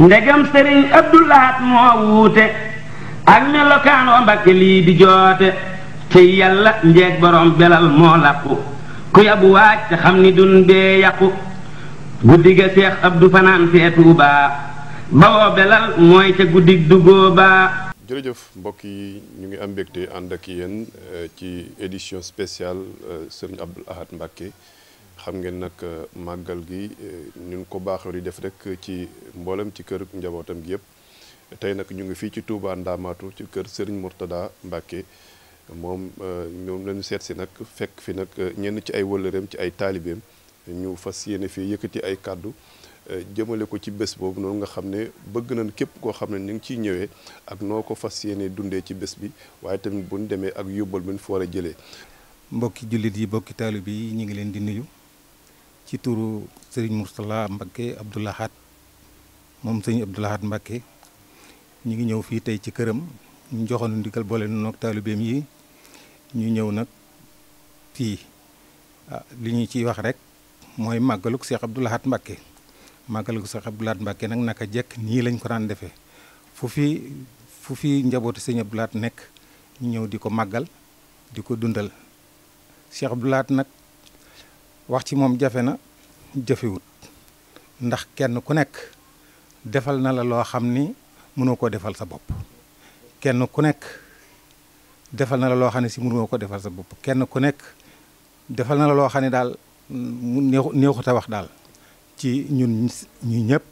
ndegam sëriñ abdulahat moo wuute ak melokaan wa mbakke lii di joote te yàlla njeeg borom belal moo làqu ku yabu waaj te xam ni dun bee yàqu guddi ga seex abdu fanaan feetu baa bawoo belal mooy ca guddi dugoo baa jërëjëf mbokk yi ñu ngi am mbégte ànd ak yéen eh, ci édition spéciale eh, sëriñ abdul ahad mbakke xam ngeen nag euh, màggal gi euh, ñun ko baaxoo di def rek ci mboolem ci kër njabootam gi yëpp tey nag ñu ngi fii ci Touba Ndamatu ci kër Serigne Mourtada Mbacke moom euh, ñoom lañu seet si nag fekk fi nag ñenn ci ay wëllëreem ci ay taalibeem ñu fas yéene fii yëkkati ay kàddu jëmale ko ci bés boobu noonu nga xam ne bëgg nañ képp koo xam ne ñu ngi ciy ñëwee ak noo ko fas yéene dundee ci bés bi waaye tamit bu ñu demee ak yóbbal bu ñu fa war a jëlee. mbokki jullit yi mbokki taalib yi ñu ngi leen di ci turu sëriñ Mourtala Mbacké Abdou moom sëriñ Abdou Lahad ñu ngi ñëw fii tey ci këram ñu joxoon ndigal boole nu ak taalibeem yi ñu ñëw nag fii ah, li ñu ciy wax rek mooy màggaluk Cheikh Abdou Lahad Mbacké màggaluk Cheikh Abdou Lahad nag naka jekk nii lañ ko daan defee fu fi fu fi njabootu sëriñ Abdou Lahad nekk ñu ñëw di ko màggal di ko dundal Cheikh Abdou Lahad nag wax ci moom jafe na jafewut ndax kenn ku nekk defal na la loo xam ni mënoo koo defal sa bopp kenn ku nekk defal na la loo xam ne si mënoo ko defal sa bopp kenn ku nekk defal na la loo xam ne daal neexut a wax daal ci ñun ñu ñëpp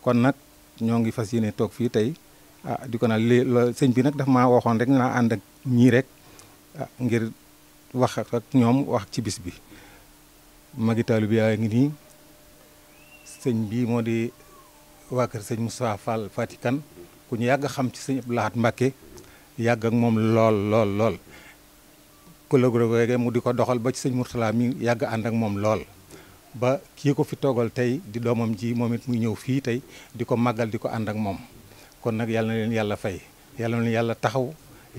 kon nag ñoo ngi fas yéene toog fii tey ah, di ko naan lii sëñ bi nag daf ma waxoon rek naa ànd ak ñii rek ah, ngir wax ak ñoom wax ci bis bi magi taalibe yaa ngi nii sëñ bii moo di waa kër sëñ Moussa Fall Fatikan ku ñu yàgg xam ci sëñ laat Lahad yàgg ak moom lool lool lool collègue mu di ko doxal ba ci sëñ Mourtala mi yàgg ànd ak lool ba kii ko fi toogal tey di doomam ji moom it mu ñëw fii tey di ko màggal di ko ànd ak moom kon nag yàlla na leen yàlla fay yàlla na leen yàlla taxaw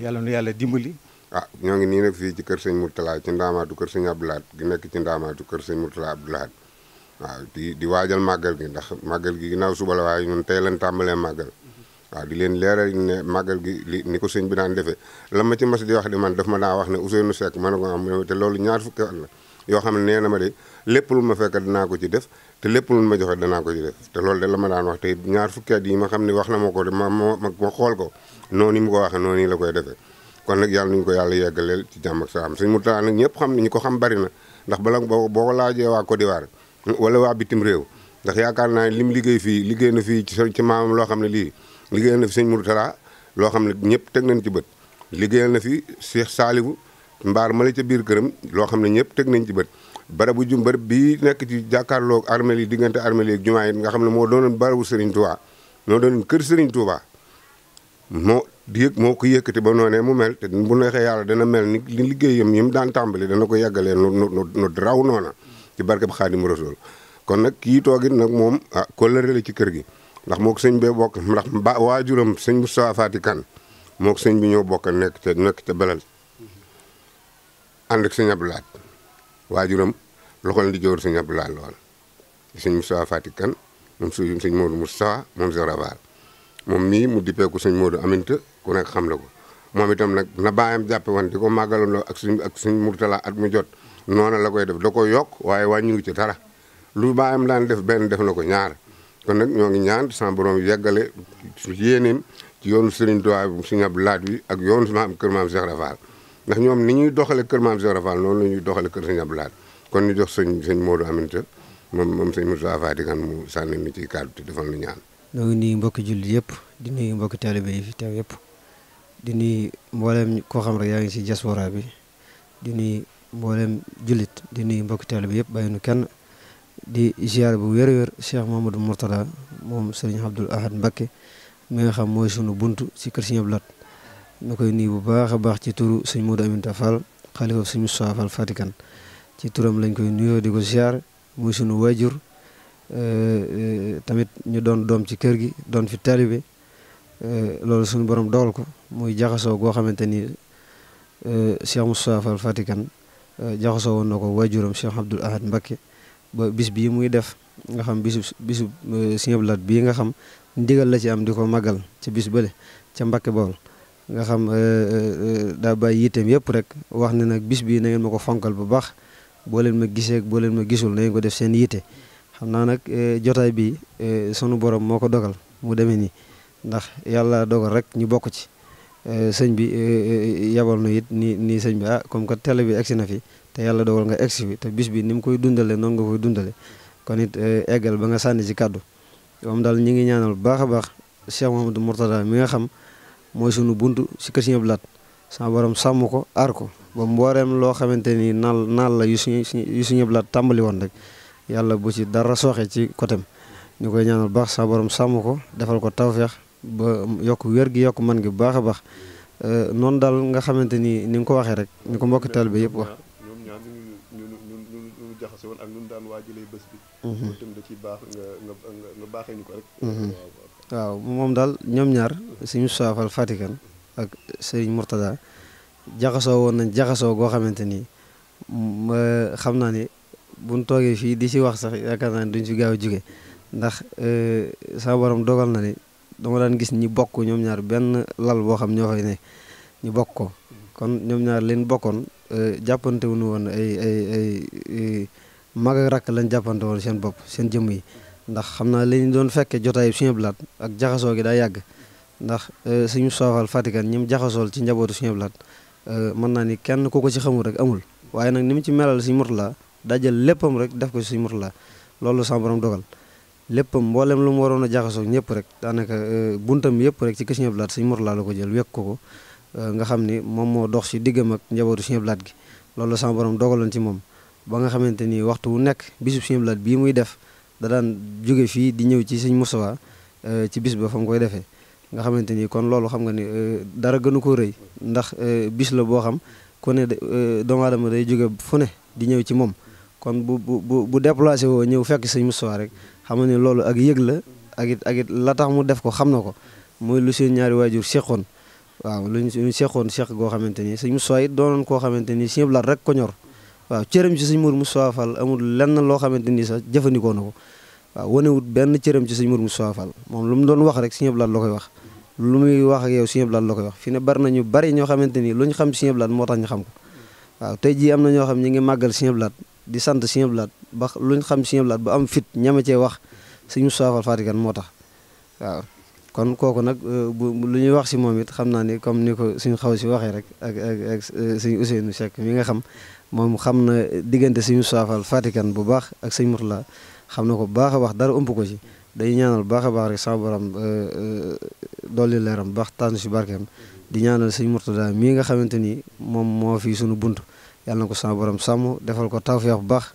yàlla na leen yàlla dimbali ah ñoo ngi nii nag fii ci kër sëñ Mourtala ci ndaamaatu kër sëñ laat di nekk ci ndaamaatu kër sëñ Mourtala Abdoulaat waaw di di waajal màggal gi ndax màggal gi ginnaaw suba la waaye ñun tey lañ tàmbalee màggal waaw di leen leeral ne gi li ni ko sëñ bi daan defee la ma ci mas wax di man daf ma daa wax ne Ousseynou Seck ma ne ko am te loolu ñaar fukki at la yoo xam ne nee na ma de lépp lu ma fekk danaa ko ci def te lépp lu ma joxe danaa ko ci def te lool de la ma daan wax te ñaar fukki at yi ma xam ni wax na ma ko de ma ma ma xool ko noonu mu ko waxee noonu la koy defee kon nag yàlla nañu ko yàlla yeggaleel ci jàmm ak salaam Serigne Mountakha nag ñëpp xam ne ñu ko xam bari na ndax bala boo boo ko laajee waa Côte d'Ivoire wala waa bitim réew ndax yaakaar naa ne li mu liggéey fii liggéey na fii ci maamam loo xam ne lii liggéey na fi Serigne Mountakha loo xam ne ñëpp teg nañ ci bët liggéeyal na fi Cheikh Saliou mbaar ma la ca biir këram loo xam ne ñëpp teg nañ ci bët barabu jum barab bii nekk ci jàkkaarloog armel yi diggante armel yi ak jumaa yi nga xam ne moo doonoon barabu Serigne Touba moo doonoon kër Serigne Touba moo yëg moo ko yëkkati ba noonee mu mel te bu neexee yàlla dana mel ni li liggéeyam yi mu daan tàmbali dana ko yàggalee nu nu nu raw noona ci barke bi Xaadimu Rasuul kon nag kii toogit nag moom ah kóllëre la ci kër gi ndax moo sëñ bee bokk ndax ba waajuram sëñ Moustapha Fati Kan moo sëñ bi ñoo bokk nekk te nekk te belal ànd ak sëñ Abdoulaat di joor sëñ Abdoulaat lool sëñ Moustapha Fati Kan moom suñu sëñ Modou moom mii mu dippee dippeeku suñ Moodu Aminta ku nekk xam la ko moom itam nag na baayam jàppe woon di ko màggalandoo ak suñ ak suñ murtala at mu jot noona la koy def da ko yokk waaye waa ñu ngi ci dara lu baayam daan def benn def na ko ñaar kon nag ñoo ngi ñaan sama borom yeggale su yéeneem ci yoonu Serigne Touba bi suñu ab laat wi ak yoonu maam kër maam Cheikh Rafal ndax ñoom ni ñuy doxale kër maam Cheikh Rafal noonu la ñuy doxale kër suñu ab laat kon ñu jox sëñ sëñ Moodu Aminta moom moom sëñ Moussa Fatikan mu sànni ni ci kàddu te defal nu ñaan ñoo nii nuyu mbokki jullit yëpp di nuyu mbokki taalibe yi fi teew yëpp di nuyu mboolem koo xam rek yaa ngi ci diaspora bi di nuyu jullit di nuy mbokki taalibe yëpp bàyyi nu kenn di ziar bu wér-wér Cheikh Mouhamadou Mourtada moom Serigne Abdoul Ahad Mbacké mi xam mooy sunu bunt ci kër Serigne Abdou Lahad ñu koy nuyu bu baax a baax ci turu Serigne Modou Aminta Fall xalifa Serigne Moustapha Fall Fatikan ci turam lañ koy nuyoo di ko ziar mooy sunu waajur Euh, euh, tamit ñu doon doom ci kër gi doon fi taalibe euh, loolu suñu borom dool ko muy jaxasoo goo xamante ni Cheikh Moustapha Fall Fatikan jaxasoo woon na ko waajuram Cheikh Abdoul Ahad Mbacké ba bis bii muy def nga xam bisu bisu Sëñ Lat bii nga xam ndigal la ci am di ko màggal ci bis bële ca Mbacké Bawol nga xam daa bàyyi yitteem yëpp rek wax ne nag bis bii na ngeen ma ko fonkal bu baax boo leen ma gisee boo leen ma gisul na ngeen ko def seen yitte xam naa nag eh, jotaay bi eh, sunu borom moo ko dogal mu demee nii ndax yàlla dogal rek ñu bokk ci eh, sëñ bi yabal nu yit nii nii sëñ bi ah comme que télé bi egsi na fi te yàlla dogal nga egsi fi te bis bi ni mu koy dundale noonu nga koy dundale kon it eggal ba nga sànni si kàddu moom daal ñu ngi ñaanal bu baax a baax Cheikh Mouhamadou Mourtada mi nga xam mooy sunu buntu si kër Sëñ Laat sama borom sàmm ko aar ko ba mbooreem loo xamante ni naal naal la yu suñu yu suñu Laat tàmbali woon rek yàlla bu ci dara sooxee ci côtéem ñu koy ñaanal baax sa borom sàmm ko defal ko tawfeex ba yokk wér gi yokk man gi bu baax a baax euh, noonu daal nga xamante ni ni nga ko waxee rek ni ko mbokki taalibe yëpp wax jaxase woon ak ñun daan waajalee bés bi. Mhm. tam ciy baax nga nga nga mhm. waaw moom daal ñoom ñaar suñu saafal Fatikan ak Serigne Mourtada jaxasoo woon nañ jaxasoo goo xamante ni xam naa ni buñ toogee fii di si wax sax yaakaar naa ne duñ ci gaaw a jóge ndax euh, saa borom dogal na ni dama daan gis ñi bokk ñoom ñaar benn lal boo xam ñoo fay ne ñu bokk ko kon ñoom ñaar leen bokkoon euh, jàppante wuñu woon ay ay ay euh, mag rakk lañ jàppante seen bopp seen jëm yi ndax xam naa lañu doon fekkee jotaayu Sëñ Blaat ak jaxasoo ki daa yàgg ndax suñu soofal fatikaan ñi mu jaxasool ci njabootu Sëñ Blaat mën naa ni kenn ku ko ci xamul rek amul waaye nag ni mu ci melal Sëñ Murtala dajal léppam rek def ko Sëriñ Murtala loolu sama borom dogal léppam mboolem lu mu waroon a jaxasoo ñëpp rek daanaka euh, buntam yëpp rek ci kër Sëriñ Abdou Lahad la ko jël wekk ko ko euh, nga xam ni moom moo dox si diggam ak njabootu Sëriñ Abdou gi loolu sama borom dogaloon ci moom ba nga xamante ni waxtu wu nekk bisub Sëriñ Abdou Lahad bii muy def da daan jóge fii di ñëw ci Sëriñ Moustapha euh, ci bis ba fa mu koy defee nga xamante ni kon loolu xam nga ni dara gënu ko rëy ndax bis la boo xam ku ne doomu aadama day jóge fu di ñëw ci moom kon bu bu bu déplacé woo ñëw fekk sëñ Moustapha rek xam ne loolu ak yëg la ak it ak la tax mu def ko xam na ko muy lu seen ñaari waajur seqoon waaw lu ñu seqoon seq goo xamante ni sëñ Moustapha it doonoon koo xamante ni sëñ rek ko ñor waaw cëram ci sëñ Mour Moustapha Fall amul loo xamante ni sax jëfandikoo na ko waaw wanewut benn cëram ci sëñ Mour Moustapha moom lu mu doon wax rek sëñ Blaat loo koy wax lu muy wax ak yow sëñ Blaat la koy wax fi ne bari nañu bari ñoo xamante ni lu ñu xam sëñ Blaat moo tax ñu xam ko waaw tey jii am na ñoo xam ñi ngi màggal sëñ Blaat di sant Sëñ Abdu Lahat ba xam Sëñ Abdu Lahat ba am fit ñama cee wax Sëñ Mustafaa Fall Fatikan moo tax waaw kon kooku nag euh, lu ñuy wax si moom it xam naa ni comme ni ko suñu xaw si waxee rek ak ak ak euh, suñu Ousseynou Seck mi nga xam moom xam na diggante Sëñ Mustafaa Fall Fatikan bu baax ak Sëñ Murtala xam na ko bu baax a baax dara ëmp ko ci day ñaanal baax a baax rek sama borom euh, dolli leeram baax tànn si barkeem di ñaanal Sëñ Murtala mii nga xamante ni moom moo fi suñu bunt yàlla na ko sama borom sàmm defal ko tawfeex bu baax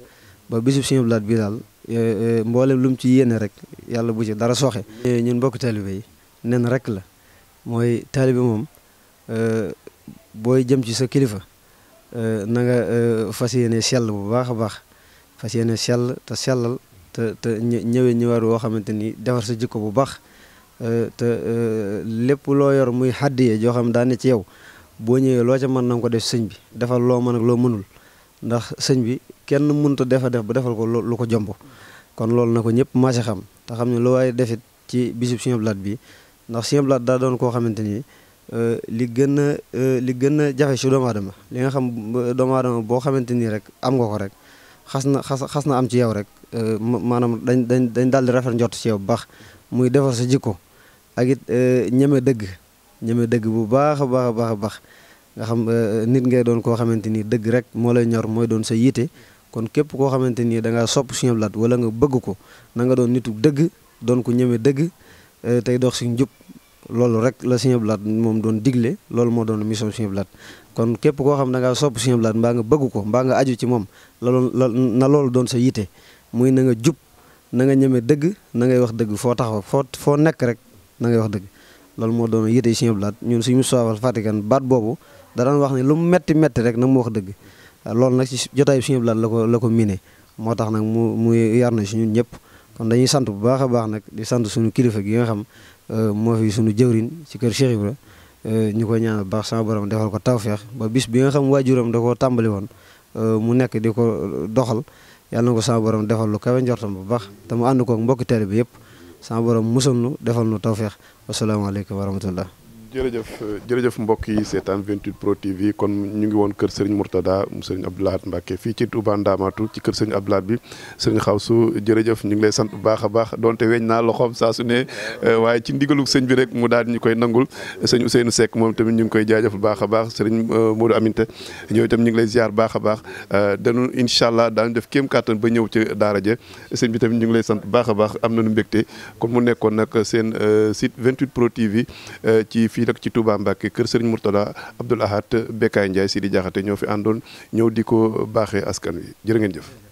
ba bisub Sëñ Abdou Lahad bii daal eh, eh, mboolem lu mu ci yéene rek yàlla bu ci dara soxe eh, ñun mbokk taalibe yi nen rek la mooy taalibe moom booy jëm ci sa kilifa nanga nga fas yéene sell bu baax a baax fas yéene sell te sellal te ñëwee ñëwaat woo xamante ni defar sa jikko bu baax te lépp loo yor muy xàddiyee joo xam daa ne ci yow boo ñëwee loo ca mën na ko def sëñ bi defal loo mën ak loo mënul ndax sëñ bi kenn mënta defa def bu defal ko lu ko jomb kon loolu na ko ñëpp maa si xam te xam ne lu waaye defit ci bisub Sëñ laat Lahad bi ndax Sëñ laat daal daa doon koo xamante ni euh, li gën a euh, li gën a jafe si doomu aadama li nga xam doomu aadama boo xamante nii rek am nga ko rek xas na xas xas na am ci yow rek euh, maanaam dañ dañ dañ daal di rafet njort ci yow bu baax muy defar sa jikko ak it ñeme dëgg ñeme dëgg bu baax a baax a baax a baax nga xam euh, nit ngay doon koo xamante ni dëgg rek moo lay ñor mooy doon sa yiite kon képp koo xamante ni da ngaa sopp Sëñ Abdou Lahad wala nga bëgg ko na nga doon nitu dëgg doon ko ñeme dëgg euh, tey dox si njub loolu rek la Sëñ Abdou Lahad moom doon digle loolu moo doon mission Sëñ Abdou kon képp koo xam da ngaa sopp Sëñ Abdou Lahad mbaa nga bëgg ko mbaa nga aju ci moom la na loolu doon sa yiite muy na nga jub na nga ñeme dëgg na ngay wax dëgg foo taxaw foo foo nekk rek na ngay wax dëgg loolu moo doon yite Sëñ Abdou Lahad ñun suñu soowal fatikan baat boobu da daan wax ne lu mu metti metti rek na mu wax dëgg loolu nag ci jotaay Sëñ Abdou Lahad la ko la ko miné moo tax nag mu mu yar na si ñun ñëpp kon dañuy sant bu baax a baax nag di sant suñu kilifa gi nga xam euh, moo fi suñu jëwrin si kër Cheikh Ibra euh, ñu ko ñaanal baax sama borom defal ko taw tawfeex ba bis bi nga xam waajuram da ko tàmbali woon euh, mu nekk di ko doxal yàlla na ko sama borom defal lu kawe njortam bu baax te mu ànd koog mbokki teel bi yëpp sama borom musal nu defal nu feex wasalaamaaleykum wa rahmatullah jërëjëf jërëjëf mbokk yi seetaan 28 Pro TV kon ñu ngi woon kër Serigne Mourtada mu Serigne Abdou Lahad Mbacké fii ci Touba Ndamatu ci kër Serigne Abdou Lahad bi xaw su jërëjëf ñu ngi lay sant bu baax a baax donte weñ naa loxoom saa su ne eh, waaye ci ndigalug sëñ bi rek mu daal ñu koy nangul sëñ Ousseynou Seck moom tamit ñu ngi koy jaajëf bu baax a baax Serigne eh, Modou Aminta ñoom itam ñu ngi lay ziar baax a baax eh, dañu incha allah daañu def kéem kàttan ba ñëw ci daara ja sëñ bi tamit ñu ngi lay sant bu baax a baax am nañu mbégte kon mu nekkoon nag seen site 28 Pro TV ci fii fii nag ci Touba Mbacke kër Serigne Mourtada Abdoul Ahad Bekkaay Ndiaye Sidi Diakhaté ñoo fi àndoon ñëw di ko baaxee askan wi jërë ngeen jëf